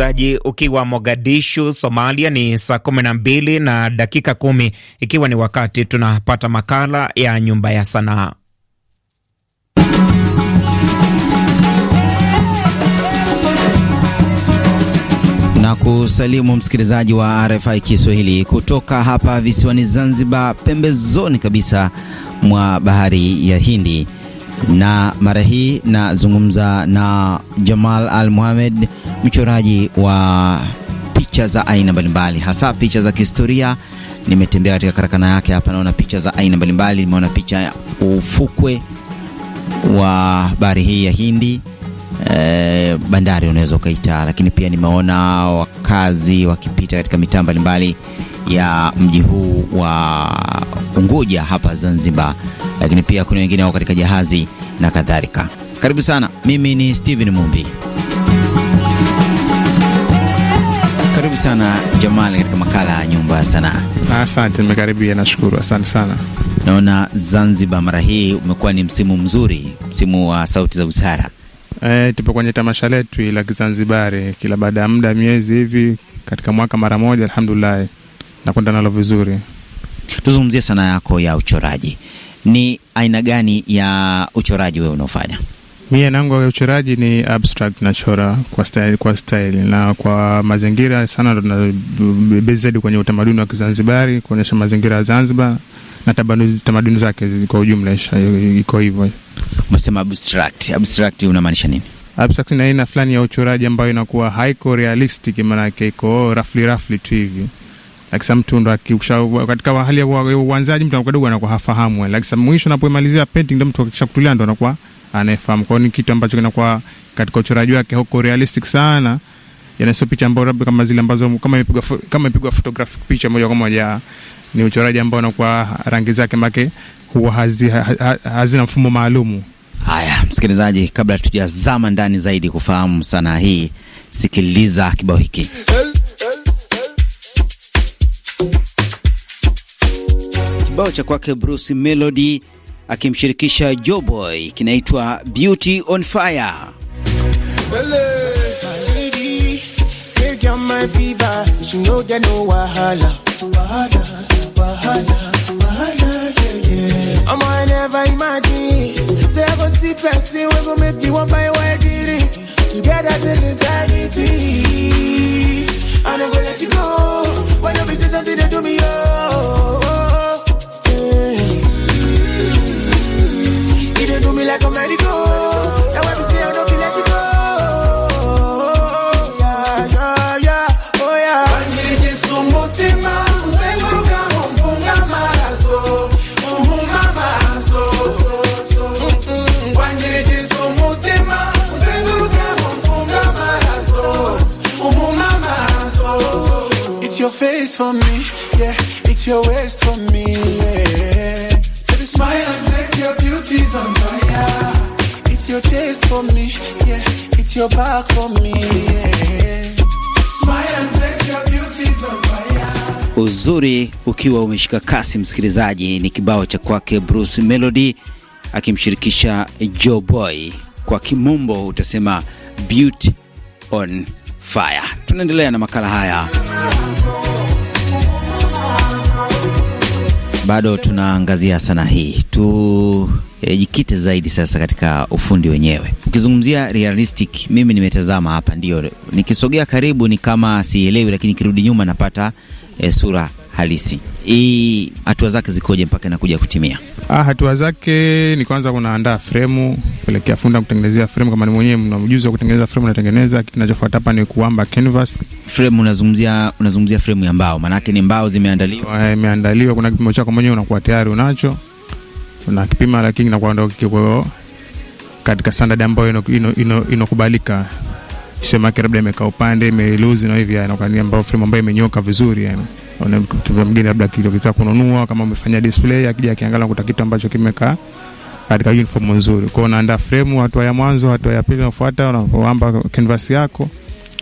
msikilizaji ukiwa Mogadishu, Somalia, ni saa kumi na mbili na dakika kumi ikiwa ni wakati tunapata makala ya Nyumba ya Sanaa. na kusalimu msikilizaji wa RFI Kiswahili kutoka hapa visiwani Zanzibar, pembezoni kabisa mwa bahari ya Hindi na mara hii nazungumza na Jamal Al Muhamed, mchoraji wa picha za aina mbalimbali, hasa picha za kihistoria. Nimetembea katika karakana yake hapa, naona picha za aina mbalimbali. Nimeona picha ya ufukwe wa bahari hii ya Hindi, e, bandari unaweza ukaita, lakini pia nimeona wakazi wakipita katika mitaa mbalimbali ya mji huu wa Unguja hapa Zanzibar, lakini pia kuna wengine wako katika jahazi na kadhalika. Karibu sana, mimi ni Steven Mumbi. Karibu sana Jamal katika makala ya nyumba ya sanaa. Asante, nimekaribia, nashukuru, asante sana. Naona Zanzibar mara hii umekuwa ni msimu mzuri, msimu wa sauti za busara. E, tupo kwenye tamasha letu la Kizanzibari kila baada ya muda miezi hivi katika mwaka mara moja, alhamdulillah nakwenda nalo vizuri. Tuzungumzie sanaa yako ya uchoraji, ni aina gani ya uchoraji wewe unaofanya? Mie nangu ya uchoraji ni abstract, nachora kwa style, kwa style na kwa mazingira sana, tunabezi zaidi kwenye utamaduni wa Kizanzibari, kuonyesha mazingira ya Zanzibar na tamaduni zake kwa ujumla. Iko hivyo. Umesema abstract, abstract unamaanisha nini? Abstract ni aina fulani ya uchoraji ambayo inakuwa haiko realistic, yake iko roughly roughly tu hivi Lakisa mtundo katika hali ya uanzaji mtu anakuwa dogo anakuwa hafahamu. Eh. Lakisa mwisho anapoimalizia painting ndo mtu akisha kutulia ndo anakuwa anafahamu Kwa ni kitu ambacho kinakuwa katika uchoraji wake huko realistic sana. Yana sio picha ambayo labda kama zile ambazo kama imepigwa kama imepigwa photographic picha moja kwa moja, ni uchoraji ambao unakuwa rangi zake make huwa hazina ha, ha, mfumo maalumu. Haya, msikilizaji, kabla tujazama ndani zaidi kufahamu sanaa hii, sikiliza kibao hiki. hey. Kibao cha kwake Bruce Melody akimshirikisha Joboy kinaitwa Beauty on Fire. waist for me, yeah. It's your waist for me, yeah. Baby, smile and flex, your beauty's on fire. It's your chest for me, yeah. It's your back for me, yeah. Smile and flex, your beauty's on fire. Uzuri ukiwa umeshika kasi, msikilizaji, ni kibao cha kwake Bruce Melody akimshirikisha Joe Boy, kwa kimombo utasema beauty on fire. Tunaendelea na makala haya bado tunaangazia sana hii tu eh, jikite zaidi sasa katika ufundi wenyewe. Ukizungumzia realistic, mimi nimetazama hapa, ndio nikisogea karibu ni kama sielewi, lakini kirudi nyuma napata e, sura halisi. Hii hatua zake zikoje mpaka inakuja kutimia? Ah, hatua zake ni kwanza kunaandaa fremu, kuelekea funda kutengenezea fremu. Kama ni mwenyewe mna ujuzi wa kutengeneza fremu, natengeneza. Kinachofuata hapa ni kuamba canvas. Fremu unazungumzia, unazungumzia fremu ya mbao, maana yake ni mbao zimeandaliwa, eh, imeandaliwa. Kuna kipimo chako mwenyewe unakuwa tayari unacho, una kipima, lakini nakuwa ndo kiko katika standard ambayo inokubalika ino, ino, ino, ino sema yake labda imekaa upande imeluzi na hivi, yani, ambayo fremu ambayo imenyoka vizuri yani mtu mwingine labda kitokeza kununua kama umefanya display, akija akiangalia kuta kitu ambacho kimekaa katika uniform nzuri. kwao unaandaa frame, hatua ya mwanzo, hatua ya pili inafuata, unapoamba canvas yako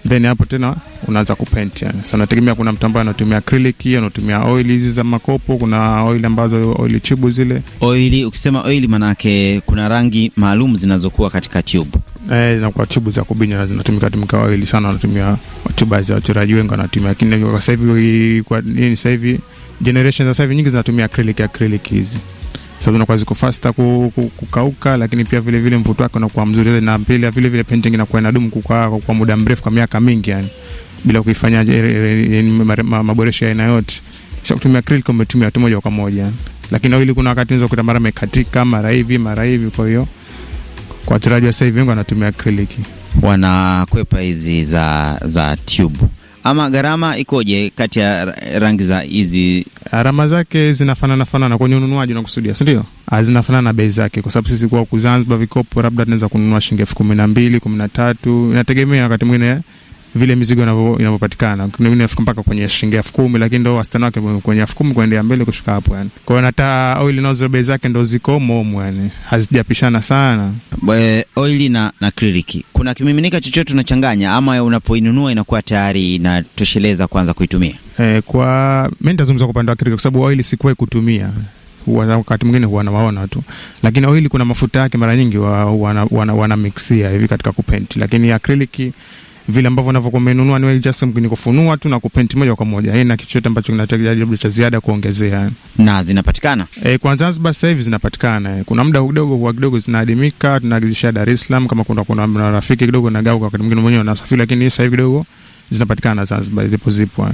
then hapo tena unaanza kupaint yani. Sasa unategemea, kuna mtu ambaye anatumia acrylic, anatumia oili hizi za makopo, kuna oili ambazo oili tube zile. Oili, ukisema oili manake kuna rangi maalum zinazokuwa katika tube. Eh, na kwa tube za kubinya zinatumika tumika oili sana, wanatumia tube za wachoraji wengi wanatumia, lakini kwa sasa hivi kwa nini sasa hivi generation za sasa hivi nyingi zinatumia acrylic acrylic hizi sababu inakuwa ziko fasta kukauka, lakini pia vile vile mvuto wake unakuwa mzuri, na pili vile vile painting inakuwa inadumu kukaa kwa muda mrefu, kwa miaka mingi yani bila kuifanya eh, eh, eh, maboresho ya aina yote. Sio kutumia acrylic, umetumia tu moja kwa moja, lakini au kuna wakati unaweza kuta mara mekatika mara hivi mara hivi, kwa hiyo kwa wachoraji wa sasa hivi wengi wanatumia acrylic, wanakwepa hizi za za tube ama gharama ikoje kati ya rangi za hizi? Gharama ah, zake zinafanana fanana kwenye ununuaji unakusudia, si ndio? Ah, zinafanana na bei zake, kwa sababu sisi kwa kuzanziba vikopo labda tunaweza kununua shilingi elfu kumi na mbili kumi na tatu inategemea wakati mwingine vile mizigo inavyopatikana inafika mpaka kwenye shilingi elfu kumi lakini ndo wastani wake kwenye elfu kumi kuendea mbele kushuka hapo yani. Kwa hiyo hata oil nazo bei zake ndo ziko umomo yani, hazijapishana sana Bwe, oil na, na kriliki. Kuna kimiminika chochote unachanganya ama unapoinunua inakuwa tayari inatosheleza kwanza kuitumia? E, kwa mi nitazungumza kwa upande wa kriliki kwa sababu oil sikuwahi kutumia wakati mwingine huwa nawaona tu, lakini oili kuna mafuta yake mara nyingi wanamiksia wana, wana hivi katika kupenti, lakini acrylic vile ambavyo unavyokuwa umenunua, ni wewe just mkini kufunua tu na kupenti moja kwa moja, haina yaani kitu chochote ambacho kinatakiwa labda cha ziada kuongezea. Na zinapatikana eh, kwa Zanzibar sasa hivi zinapatikana, eh, kuna muda kidogo kwa kidogo zinaadimika, tunaagizisha Dar es Salaam, kama kuna kuna rafiki kidogo na gau, kwa wakati mwingine mwenyewe anasafiri, lakini sasa hivi kidogo zinapatikana Zanzibar, zipo zipo.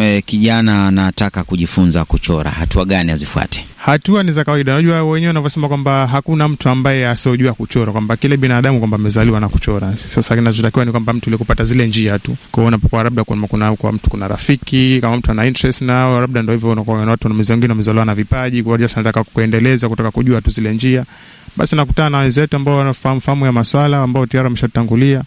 E, kijana anataka kujifunza kuchora, hatua gani azifuate? Hatua ni za kawaida. Unajua wenyewe wanavyosema kwamba hakuna mtu ambaye asiojua kuchora, kwamba kile binadamu kwamba amezaliwa na kuchora. Sasa kinachotakiwa ni kwamba mtu ile kupata zile njia tu, kwa unapokuwa labda kuna kuna kwa mtu kuna rafiki kama mtu ana interest nao, labda ndio hivyo, unakuwa na watu na wengine wamezaliwa na vipaji, kwa hiyo sasa nataka kuendeleza kutaka kujua tu zile njia, basi nakutana na wenzetu ambao wanafahamu fahamu ya maswala ambao tayari wameshatangulia,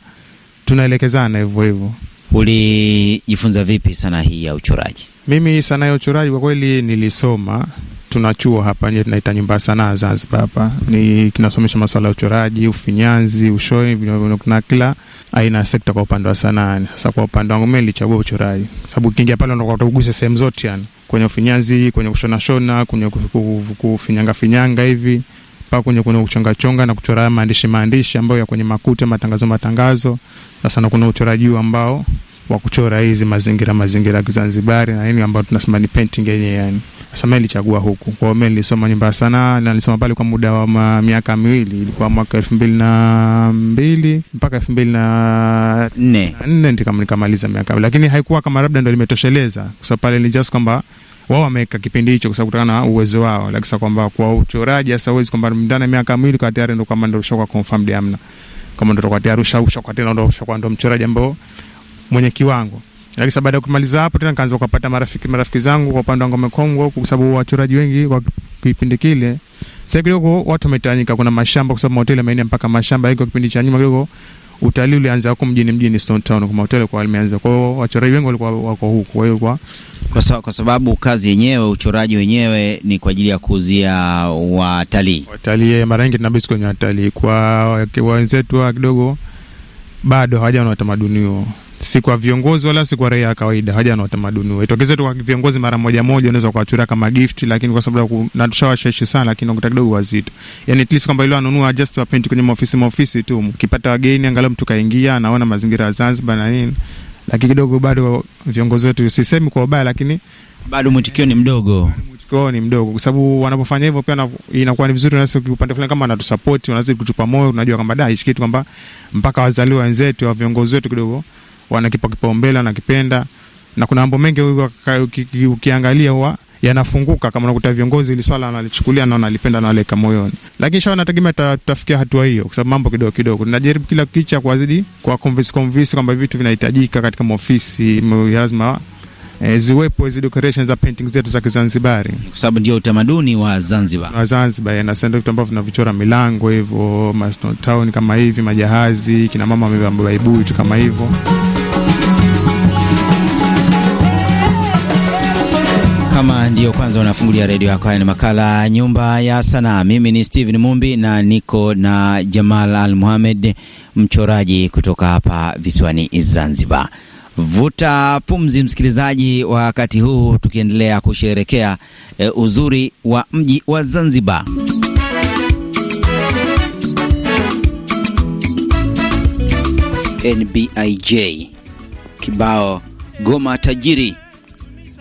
tunaelekezana hivyo hivyo. Ulijifunza vipi sanaa hii ya uchoraji? Mimi sanaa ya uchoraji kwa kweli nilisoma, tuna chuo hapa nje tunaita nyumba ya sanaa Zanzibar. Hapa ni kinasomesha masuala ya uchoraji, ufinyanzi, ushoni na kila aina ya sekta kwa upande wa sanaa. Sasa kwa upande wangu mimi nilichagua uchoraji, sababu ukiingia pale unakuta sehemu zote, yani kwenye ufinyanzi, kwenye kushonashona, kwenye kufinyanga finyanga hivi mpaka kwenye kuna uchongachonga na kuchora maandishi maandishi ambayo ya kwenye makuta matangazo matangazo. Sasa na kuna uchoraji ambao wa kuchora hizi mazingira mazingira ya Zanzibar na nini ambayo tunasema ni painting yenye yani. Sasa mimi nilichagua huku. Kwa hiyo mimi nilisoma nyumba sana na nilisoma pale kwa muda wa ma, miaka miwili, ilikuwa mwaka 2002 mpaka 2004. nne nikamaliza miaka. Lakini haikuwa kama labda ndio limetosheleza. Kwa sababu pale ni just kwamba wao wameweka kipindi hicho kwa sababu kutokana na uwezo wao, lakini sasa kwamba kwa uchoraji sasa huwezi kwamba ndani ya miaka miwili kwa tayari ndo kama ndo ushakuwa confirmed amna, kama ndo kwa tayari ushakuwa tena ndo ushakuwa ndo mchoraji ambao mwenye kiwango. Lakini baada ya kumaliza hapo tena kaanza kupata marafiki marafiki zangu kwa upande wa ngome kongwe, kwa sababu wachoraji wengi kwa kipindi kile sasa kidogo watu wametanyika, kuna mashamba kwa sababu hoteli imeenea mpaka mashamba. Hiyo kipindi cha nyuma kidogo utalii ulianza huko mjini mjini Stone Town kwa hoteli kwa alianza. Kwa hiyo wachoraji wengi walikuwa wako huko. Kwa hiyo kwa kwa, sababu kazi yenyewe uchoraji wenyewe ni kwa ajili ya kuuzia watalii. Watalii eh, mara nyingi tunabisi kwenye watalii. Kwa wenzetu kidogo bado hawajaona utamaduni huo si kwa viongozi wala si kwa raia wa kawaida, haja na utamaduni wetu. Tokeze tu kwa viongozi mara moja moja, unaweza kuwachuria kama gift, lakini kwa sababu na tushawashawishi sana, lakini unakuta kidogo wazito, yani at least kwamba ile anunua just wa paint kwenye maofisi maofisi tu, mkipata wageni angalau mtu kaingia anaona mazingira ya Zanzibar na nini, lakini kidogo bado viongozi wetu, sisemi kwa ubaya, lakini bado mwitikio ni mdogo kwao ni mdogo, kwa sababu wanapofanya hivyo pia inakuwa ni vizuri, nasi upande fulani kama wanatusupport, wanazidi kutupa moyo, unajua kwamba da hichi kitu kwamba mpaka wazaliwa wenzetu wa viongozi wetu kidogo wanakipa kipaumbele, wanakipenda na kuna mambo mengi ukiangalia huwa yanafunguka kama unakuta viongozi ili swala analichukulia na analipenda na wale moyoni, lakini sha wanategemea tutafikia hatua hiyo, kwa sababu mambo kidogo kidogo tunajaribu kila kicha kuwazidi kwa convince convince kwamba vitu vinahitajika katika maofisi lazima e, ziwepo hizi decorations za paintings zetu za Kizanzibari kwa sababu ndio utamaduni wa Zanzibar wa Zanzibar, na sasa vitu ambavyo vinavichora milango hivyo, Marston Town kama hivi, majahazi, kina mama wamebeba baibui kama hivyo. ndiyo kwanza unafungulia redio yako, haya ni makala Nyumba ya Sanaa. Mimi ni Steven Mumbi na niko na Jamal Al Muhamed, mchoraji kutoka hapa visiwani Zanzibar. Vuta pumzi, msikilizaji, wakati huu tukiendelea kusherekea e, uzuri wa mji wa Zanzibar. NBIJ kibao goma tajiri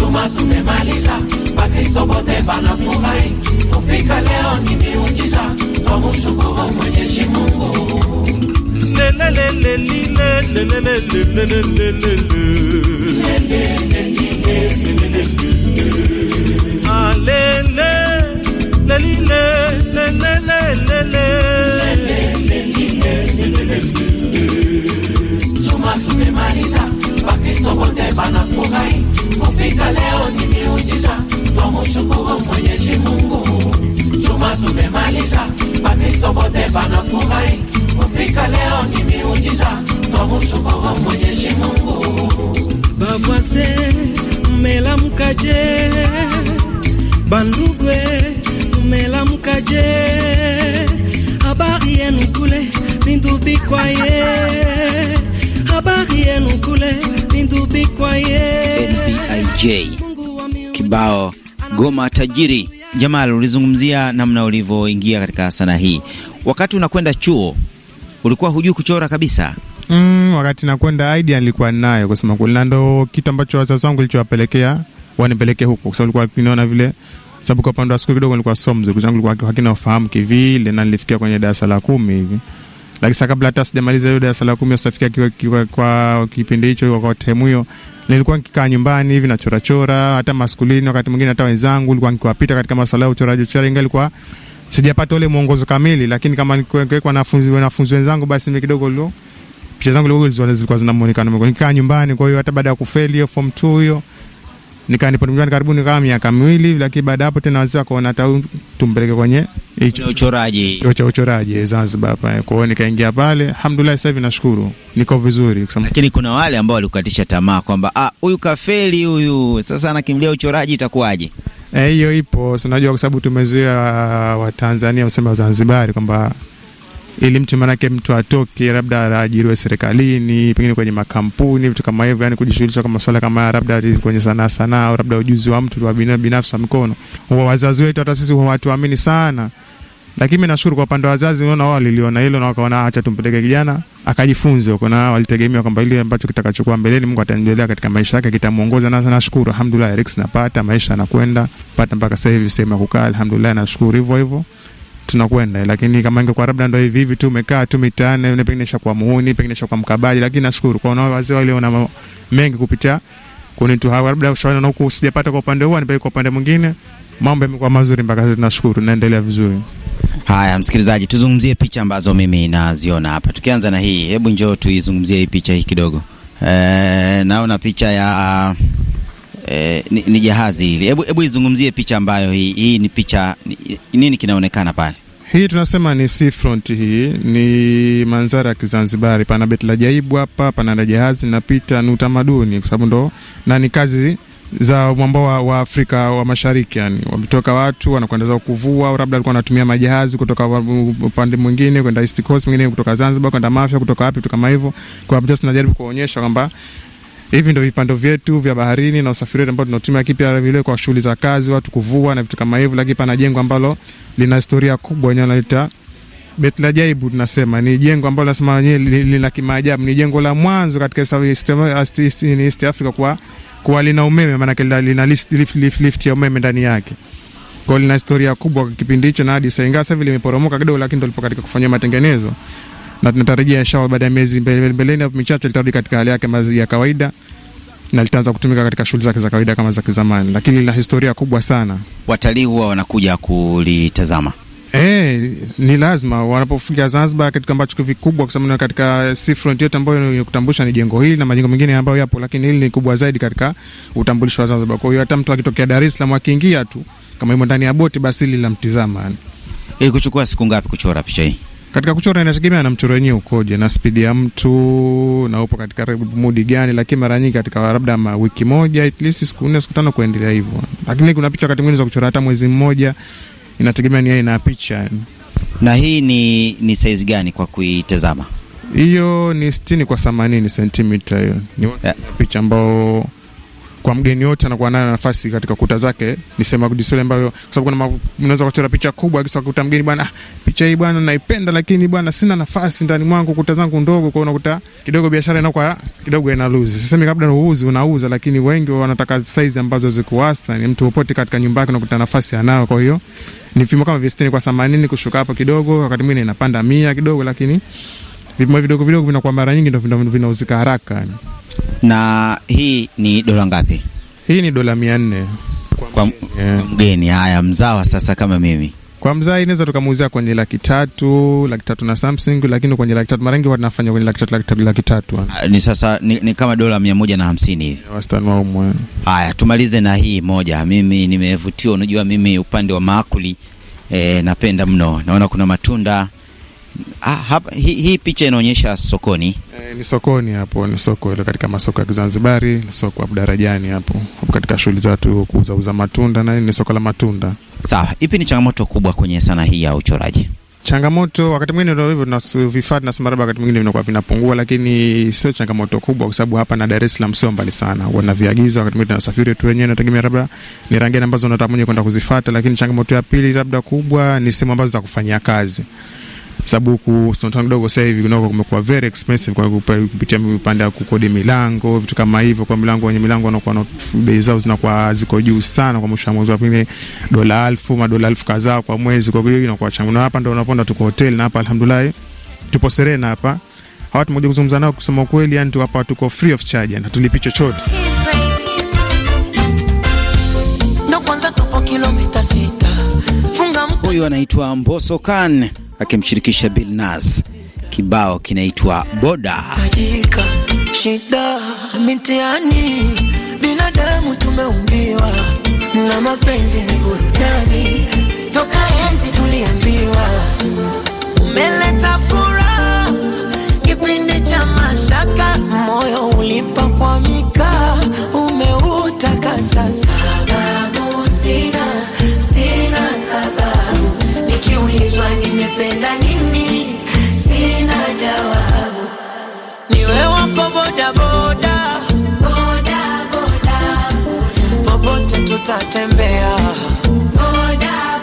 Juma tumemaliza, Bakristo bote banafurahi, kufika leo ni miujiza, twamshukuru Mwenyezi Mungu. Lelelelelile, wote wanafurahi kufika leo ni miujiza, twamshukuru Mwenyezi Mungu. tumemaliza, Bakristo kufika leo ni miujiza, Mwenyezi Mungu. mmelamkaje? Bandugwe mmelamkaje? habari yenu kule habari yenu kule Big kibao goma tajiri. Jamal, ulizungumzia namna ulivyoingia katika sanaa hii. Wakati unakwenda chuo ulikuwa hujui kuchora kabisa? Mm, wakati nakwenda idea nilikuwa nayo kusema kweli, na ndo kitu ambacho wazazi wangu kilichowapelekea wanipeleke huko, kwa sababu nilikuwa kinaona vile sababu kwa upande wa siku kidogo nilikuwa somo zangu likuwa hakina ufahamu kivile, na nilifikia kwenye darasa la kumi hivi lakini kabla hata sijamaliza hiyo darasa la kumi sitafikia kwa kwa, kwa kipindi hicho, kwa temu hiyo nilikuwa nikikaa nyumbani hivi nachorachora, hata maskulini, wakati mwingine hata wenzangu nilikuwa nikiwapita katika masuala ya uchoraji uchoraji, ingawa ilikuwa sijapata ule mwongozo kamili, lakini kama nilikuwa wanafunzi wanafunzi wenzangu, basi mimi kidogo leo picha zangu zilikuwa zina muonekano, nikikaa nyumbani. Kwa hiyo hata baada ya kufeli hiyo form 2 hiyo nikanipotumia karibuni kama miaka miwili, lakini baada hapo tena wazee wakaona tau tumpeleke kwenye uchoraji cha uchoraji eh, Zanzibar hapa. Eh, kwa hiyo nikaingia pale, alhamdulillah sasa hivi nashukuru niko vizuri, lakini kuna wale ambao walikukatisha tamaa kwamba ah, huyu kafeli huyu, sasa anakimbilia uchoraji itakuwaje? Eh, hiyo e, ipo, unajua kwa sababu tumezoea ah, Watanzania useme Wazanzibari kwamba ili mtu manake mtu atoke labda aajiriwe serikalini, pengine kwenye makampuni, vitu kama hivyo, yani kujishughulisha kwa masuala kama labda kwenye sanaa sanaa, au labda ujuzi wa mtu wa binafsi wa mkono. Wazazi wetu hata sisi hawatuamini sana, lakini mimi nashukuru kwa upande wa wazazi, naona wao waliliona hilo na wakaona ah, acha tumpeleke kijana akajifunze huko, na walitegemea kwamba ile ambacho kitakachokuwa mbeleni Mungu atanjelea katika maisha yake kitamuongoza. Na sana nashukuru alhamdulillah, Rex napata maisha anakwenda pata mpaka sasa hivi sema kukaa, alhamdulillah nashukuru hivyo hivyo tunakwenda lakini kama ingekuwa labda ndo hivi hivi tu umekaa tu mitaani, pengine sha kwa muuni, pengine sha kwa mkabaji, lakini nashukuru kwa unao wazee wale wana mengi kupitia kuni tu hawa, labda ushaona huku sijapata kwa upande huu, nipe kwa upande mwingine, mambo yamekuwa mazuri mpaka sasa, tunashukuru naendelea vizuri. Haya, msikilizaji, tuzungumzie picha ambazo mimi naziona hapa. Tukianza na hii, hebu njoo tuizungumzie hii picha hii kidogo. E, naona picha ya uh, eh, ni, ni jahazi hili. Hebu hebu izungumzie picha ambayo hii hii ni picha ni, nini kinaonekana pale? Hii tunasema ni sea front. Hii ni manzara ya Kizanzibari, pana beti la jaibu hapa, pana na jahazi napita, ni utamaduni, kwa sababu ndo na ni kazi za mwambao wa, wa Afrika wa Mashariki, yani wametoka watu wanakwenda zao kuvua, au labda alikuwa anatumia majahazi kutoka upande mwingine kwenda East Coast, mwingine kutoka Zanzibar kwenda Mafia, kutoka wapi, kutoka kama hivyo. Kwa hapo najaribu kuonyesha kwamba Hivi ndio vipando vyetu vya baharini na usafiri ambao tunatumia, lakini vile kwa shughuli za kazi, watu kuvua na vitu kama hivyo. Lakini pana jengo ambalo lina historia kubwa enyewe naita Betlajaibu, tunasema ni jengo ambalo nasema wenyewe lina kimaajabu. Ni jengo la mwanzo katika East Africa kwa kuwa lina umeme, maana kile lina lift lift, lift, lift ya umeme ndani yake kwa lina historia kubwa kipindi hicho na hadi saingaa sasa hivi limeporomoka kidogo, lakini ndio lipo katika kufanyia matengenezo na tunatarajia inshallah baada ya miezi mbeleni hapo michache litarudi katika hali yake ya kawaida na litaanza kutumika katika shughuli zake za kawaida kama za kizamani, lakini lina historia kubwa sana. Watalii huwa wanakuja kulitazama. E, ni lazima wanapofika Zanzibar, kitu ambacho kikubwa kwa sababu katika seafront yote ambayo inakutambulisha ni jengo hili na majengo mengine ambayo yapo, lakini hili ni kubwa zaidi katika utambulisho wa Zanzibar. Kwa hiyo hata mtu akitokea Dar es Salaam akiingia tu kama yumo ndani ya boti, basi hili linamtizama. Ili kuchukua siku ngapi kuchora picha hii? Katika kuchora inategemea na mchoro wenyewe ukoje na spidi ya mtu na upo katika mudi gani, lakini mara nyingi katika labda wiki moja at least siku nne siku tano kuendelea hivyo, lakini kuna picha wakati mwingine za kuchora hata mwezi mmoja, inategemea ni aina ya picha. Na hii ni, ni saizi gani kwa kuitazama? Hiyo ni sitini kwa themanini sentimita hiyo ni yeah. picha ambao kwa mgeni yote anakuwa nayo nafasi katika kuta zake, ni nisema display ambayo, kwa sababu kuna unaweza kuchora picha kubwa, kisa kuta mgeni, bwana, picha hii bwana naipenda, lakini bwana sina nafasi ndani mwangu, kuta zangu ndogo, kwa unakuta kidogo biashara inakuwa kidogo ina lose. Sisemi kabla uuzi unauza, lakini wengi wanataka size ambazo ziko wastani, mtu popote katika nyumba yake unakuta nafasi anayo. kwa hiyo ni vipimo kama vya sitini kwa themanini kushuka hapo kidogo, wakati mwingine inapanda mia kidogo, lakini vipimo vidogo vidogo vinakuwa mara nyingi ndio vinauzika haraka yani na hii ni dola ngapi? Hii ni dola mia nne kwa mgeni. Haya, mzawa sasa, kama mimi kwa mzaa inaweza tukamuuzia kwenye laki tatu laki tatu na something, lakini kwenye laki tatu mara nyingi tunafanya kwenye laki tatu laki tatu laki tatu ah, ni sasa ni, ni kama dola mia moja na hamsini hivi wastani wa umwe. Haya, tumalize na hii moja. Mimi nimevutiwa, unajua mimi upande wa maakuli eh, napenda mno, naona kuna matunda Ah, hapa, hii, hii picha inaonyesha sokoni e, ni sokoni hapo, ni soko ile katika masoko ya Kizanzibari, soko hapo darajani hapo, hapo katika shughuli zatu kuuza uza matunda na ni soko la matunda. Sawa, ipi ni changamoto kubwa kwenye sanaa hii ya uchoraji? Changamoto wakati mwingine ndio hivyo, vifaa tunasema labda wakati mwingine vinakuwa vinapungua, lakini sio changamoto kubwa, kwa sababu hapa na Dar es Salaam sio mbali sana, wanaviagiza. Wakati mwingine tunasafiri tu wenyewe, nategemea labda ni rangi ambazo unataka mwenyewe kwenda kuzifuata. Lakini changamoto ya pili labda kubwa ni sehemu ambazo za kufanyia kazi sababu kusonotana kidogo sasa hivi kunako kumekuwa very expensive kwa kupitia upande wa kukodi milango, vitu kama hivyo. Kwa milango wenye milango wanakuwa na bei zao zinakuwa ziko juu sana, kwa mwisho wa mwezi pengine dola elfu dola elfu kadhaa kwa mwezi, kwa hiyo inakuwa changu. Na hapa ndio unaponda tuko hotel, na hapa alhamdulillah tupo Serena hapa, hawa tumekuja kuzungumza nao, kusema kweli, yani hapa tuko free of charge na tulipi chochote huyu anaitwa Mboso Kan akimshirikisha Bill Nas, Kibao kinaitwa Boda. Shida mitiani, binadamu tumeumbiwa na mapenzi ni burudani, toka enzi tuliambiwa umeleta furaha kipindi cha mashaka, moyo ulipakwamika, umeutakasa tutatembea oh, ah,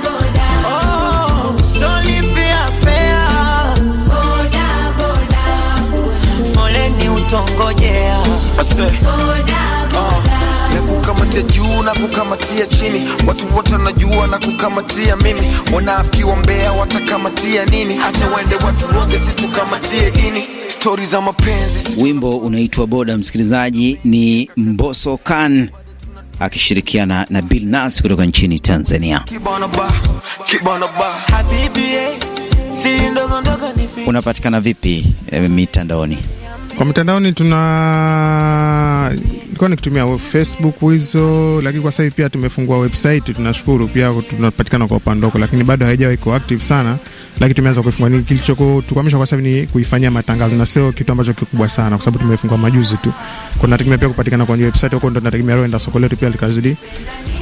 kukamatia juu na kukamatia chini, watu wote wanajua na kukamatia mimi. Wanafiki mbea watakamatia nini? Acha waende watu wote, situkamatie dini. Stori za mapenzi. Wimbo unaitwa Boda, msikilizaji, ni Mboso Kan akishirikiana na Bill Nas kutoka nchini Tanzania. Eh, Unapatikana vipi eh, mitandaoni? Kwa mtandaoni tuna ilikuwa nikitumia Facebook hizo, lakini kwa sasa pia tumefungua website. Tunashukuru pia tunapatikana kwa upande lakini bado haijawa iko active sana, lakini tumeanza kuifungua. Ni kilichotukwamisha kwa sasa ni kuifanyia matangazo, na sio kitu ambacho kikubwa sana, kwa sababu tumefungua majuzi tu. Kwa nategemea pia kupatikana kwenye website huko, ndo nategemea roenda soko letu pia likazidi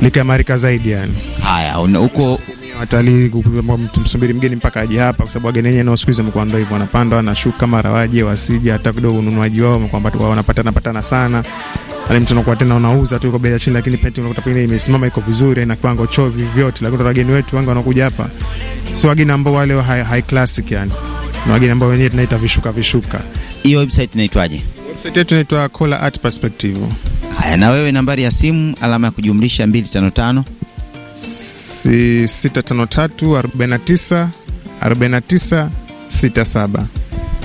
likamarika zaidi, yani haya huko watalii msubiri mgeni mpaka aje hapa, kwa sababu wageni wenyewe nao siku hizi wamekuwa ndio hivyo, wanapanda na shuka mara waje wasije, hata kidogo ununuaji wao wamekuwa wanapatana patana sana ale yaani mtu anakuwa tena anauza tu kwa bei ya chini, lakini pete unakuta pengine imesimama iko vizuri, na kiwango chovi vyote, lakini wageni wetu wengi wanakuja hapa si wageni ambao wale high, high classic yani, na wageni ambao wenyewe tunaita vishuka vishuka. Hiyo website inaitwaje? Website yetu inaitwa Kola Art Perspective. Haya, na wewe nambari ya simu alama ya kujumlisha 255 653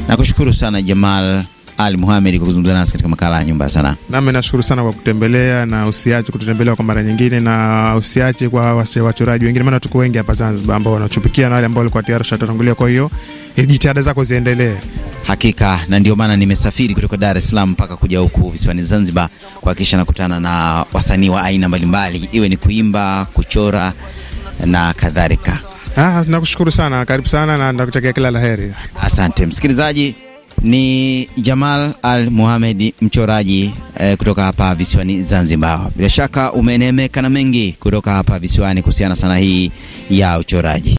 Nakushukuru sana Jamal Ali Muhamed kwa kuzungumza nasi katika makala ya Nyumba ya Sanaa. Nami nashukuru sana kwa kutembelea, na usiache kututembelea kwa mara nyingine, na usiache kwa wachoraji wengine, maana tuko wengi hapa Zanzibar ambao wanachupikia na wale ambao walikuwa tayari shatatangulia. Kwa hiyo eh, jitihada zako ziendelee hakika, na ndio maana nimesafiri kutoka Dar es Salaam mpaka kuja huku visiwani Zanzibar kuhakikisha nakutana na wasanii wa aina mbalimbali, iwe ni kuimba, kuchora na kadhalika. Ah, nakushukuru sana, karibu sana na nakutakia kila la heri. Asante msikilizaji. Ni Jamal Al muhamedi mchoraji eh, kutoka hapa visiwani Zanzibar. Bila shaka umenemeka na mengi kutoka hapa visiwani kuhusiana sana hii ya uchoraji.